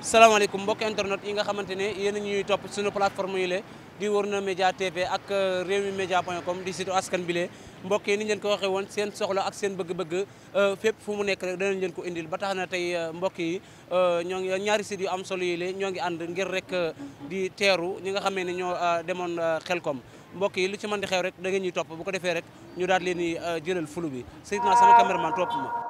salaamaaleykum mbokk internet yi nga xamante ne yéen a ñuy topp suñu plateforme yi le di Warna Média TV ak Rewmi Média point comme di site askan bi le mbokk yi ni ñu ko waxee woon seen soxla ak seen bëgg-bëgg euh, fépp mu nekk danañ leen ko indil ba tax na tey euh, mbokk yi euh, ñoo ngi ñaari site yu am solo yi le ñoo ngi ànd ngir rek di teeru ñi nga xamee ne ñoo demoon xelkom mbokk yi lu ci mën di xew rek da ngeen ñuy topp bu ko defee ñu daal leen di jëlal fulu bi sëñ naa sama cameraman topp ma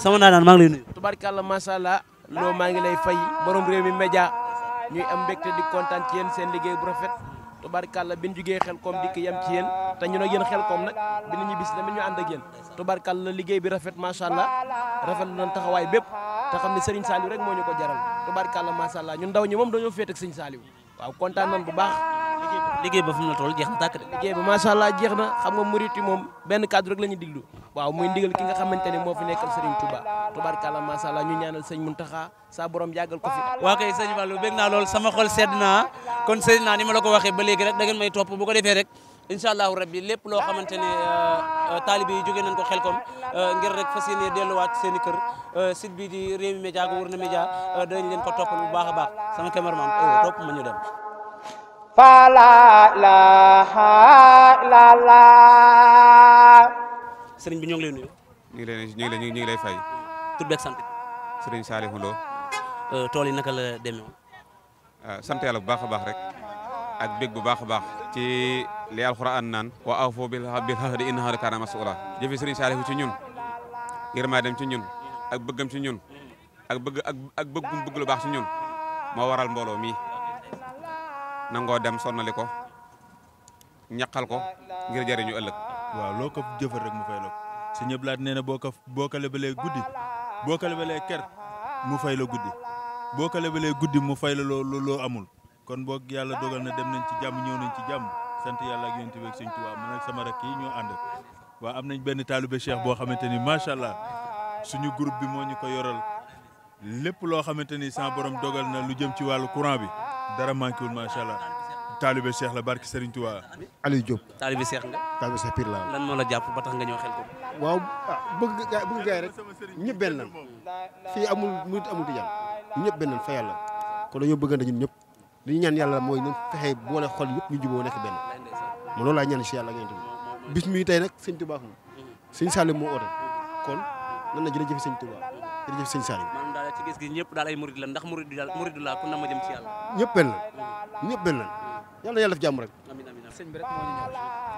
sama naanaan maa ngi lay nuyu. tubarkalla macha allah loo maa ngi lay fay borom rew mi media ñuy am bekté di kontaan ci yeen seen liggéey bu rafet tabarakallah bi ñu jugee xel koom dikk yem ci yeen te ñu ak yeen xel koom nag dina ñu bis tamit ñu ànd ak yeen tabarakallah liggéey bi rafet macha allah rafet lu taxaway taxawaay bépp xamni Serigne saliw rek mo ñu ko jaral tubarkalla macha allah ñun ndaw ñi mom dañu fété ak Serigne saliw waaw kontaan nan bu baax. liggéey ba fu mu la toll jeex na tak de. liggéey ba macha allah jeex na xam nga mouride mom ben cadre rek lañu diglu waaw muy ndigal ki nga xamante ne moo fi nekkal Serigne Touba tubaarkàlla macha allah ñu ñaanal sëñ Muntaxa sa borom yàggal ko fi. waa kay sëñ Fallou bég naa lool sama xol sedd naa kon sedd naa ni ma la ko waxee ba léegi rek da ngeen may topp bu ko defee rek. incha allahu rabbi lépp loo xamante ne euh, euh, taalibe yi jógee nañ ko xelkom euh, rek fas yéene delluwaat seen i kër site bii di Rewmi Média Wurna Média dañ leen ko toppal baax a baax sama cameraman topp sëriñ bi ñoo ngi lay nuyu. ñu ngi lay ñu ngi ñu ngi lay fay. tur beeg sant. sëriñ Salihou Ndo. Euh, tool yi naka la demee woon. Euh, bu baax a baax rek. ak bég bu baax a baax. ci li alxuraan naan. wa aw awfu bil ahdi inna ahda kaana mas'uula. jëfe sëriñ Salihou ci ñun. yërmaa dem ci ñun. ak bëggam ci ñun. ak bëgg ak ak bëggum bëgg lu baax ci ñun. moo waral mbooloo mi. nangoo dem sonnali ko. ñaqal ko ngir jariñu ëllëg. waaw loo ko jëfal rek mu fay la ko sëñ nee na boo ko boo ko guddi boo ko ker mu fay la guddi boo ko guddi mu fay la loo loo amul kon boog yàlla dogal na dem nañ ci jàmm ñëw nañ ci jàmm sant yàlla ak yonent bi ak sëñ Tuubaa man ak sama rakk yi ñoo ànd waa am nañ benn taalibe cheikh boo xamante ni macha allah suñu groupe bi moo ñu ko yoral lépp loo xamante ni san borom dogal na lu jëm ci wàllu courant bi dara manqué wul allah taalibe Cheikh la barke Serigne Touba. Aliou Diop. taalibe Cheikh nga. taalibe Cheikh Pire la lan la jàpp ba tax nga ñëw ko. waaw ah bëgg gaa bëgg gaa rek ñëpp benn lan fii amul murit amul tijaan ñëpp benn lan fa yàlla kon dañoo bëggante ñun ñëpp li ñu ñaan yàlla mooy ñu fexe boole xol yëpp ñu juboo nekk benn ma loolu laa ñaan si yàlla ngeen tudd bis mi tey nag sëñ Touba moom sëñ moo kon nan la jërëjëf sëñ Touba jërëjëf sëñ Salim. maanaam daal ci gis gi ñëpp daal ay la ndax murid du la ku na ma jëm ci yàlla. ñëpp benn lan ñëpp benn lan yal na yàlla def jàmm rek. sëñ bi rek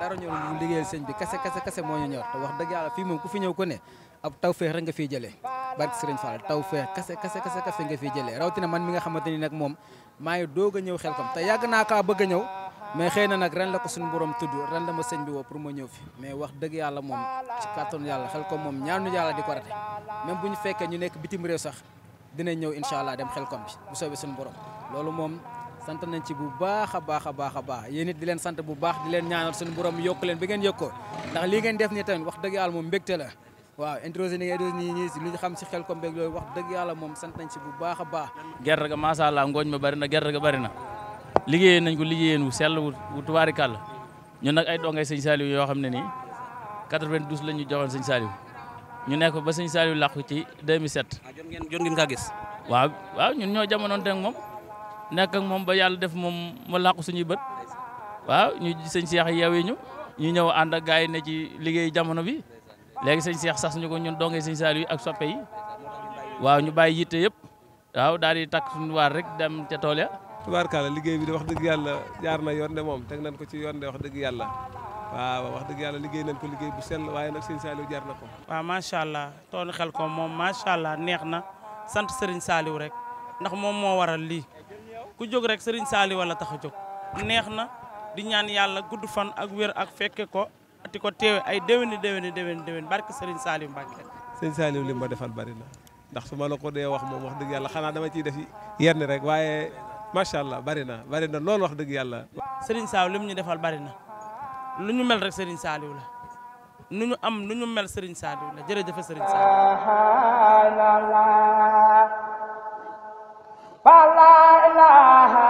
dara ñor liggéeyal sëñ bi kese kese kase moo ñu ñor te wax dëgg yàlla fii moom ku fi ñëw ko ne ab tawfeex rek nga fiy jëlee barke Sëriñ Fall tawfeex kese kese kese kese nga fiy jëlee rawatina man mi nga xamante ni nag moom maa ngi doog a ñëw xelkam te yàgg naa kaa bëgg a ñëw mais xëy na nag ren la ko suñu borom tudd ren la ma sëñ bi woo pour ma ñëw fi mais wax dëgg yàlla moom ci kàttanu yàlla xel ko moom ñaanu yàlla di ko rate même bu ñu fekkee ñu nekk bitim réew sax dinañ ñëw incha allah dem xelkom bi bu soobee suñu borom sant nañ ci bu baax a baax a baax a baax yéen it di leen sant bu baax di leen ñaanal suñu borom yokk leen bi ngeen yokkoo ndax lii ngeen def nii tamit wax dëgg yàlla moom mbégte la waaw introsé ni ngay dos nii ñii si lu ñu xam si xel ko mbég loolu wax dëgg yàlla moom sant nañ si bu baax a baax gerte ga macha allah ngooñ ma bari na gerte ga bari na liggéeyee nañ ko liggéeyeen wu sell wu tuwaari kàll ñun nag ay dongay sëñ Saliou yoo xam ne nii 92 la ñu joxoon sëñ Saliou ñu nekk ba sëñ Saliou làqu ci 2007 ah, jot ngeen jot ngeen kaa gis waaw waaw ñun ñoo jamonoon teg moom Nakang ak mom ba yalla def moom ma làqu suñu beut waaw ñu señ Cheikh yawé ñu ñu ñëw and ak gaay ne ci liggéey jamono bi légui señ Cheikh sax ñu ko ñun dongé señ salu ak soppe yi waaw ñu bàyyi yitte yépp waaw daal di tak suñu war rek dem ci tolé ya tubaarkalla liggéey bi wax deug yalla jaar na yoon de moom teg nañ ko ci yoon de wax deug yalla waaw wax deug yalla liggéey nañ ko liggéey bu sel waye nak señ salu jaar na ko waaw sha allah toolu xel ko ma sha allah neex na sante señ salu rek ndax mom mo waral li ku jóg rek sëriñ saali wala tax a jóg neex na di ñaan yàlla gudd fan ak wér ak fekke ko ati ko teewe ay déwéni déwéni déwéni déwéni barke sëriñ saali Mbàkke sëriñ saali li ma defal bari na ndax su ma la ko dee wax moom wax dëgg yàlla xanaa dama ciy def yenn rek waaye macha allah bari na bari na loolu wax dëgg yàlla sëriñ saali lim ñu defal bari na lu ñu mel rek sëriñ saaliw la nu ñu am nu mel sëriñ saaliw la jërëjëf sëriñ saaliw ah, ah, fa la ilaha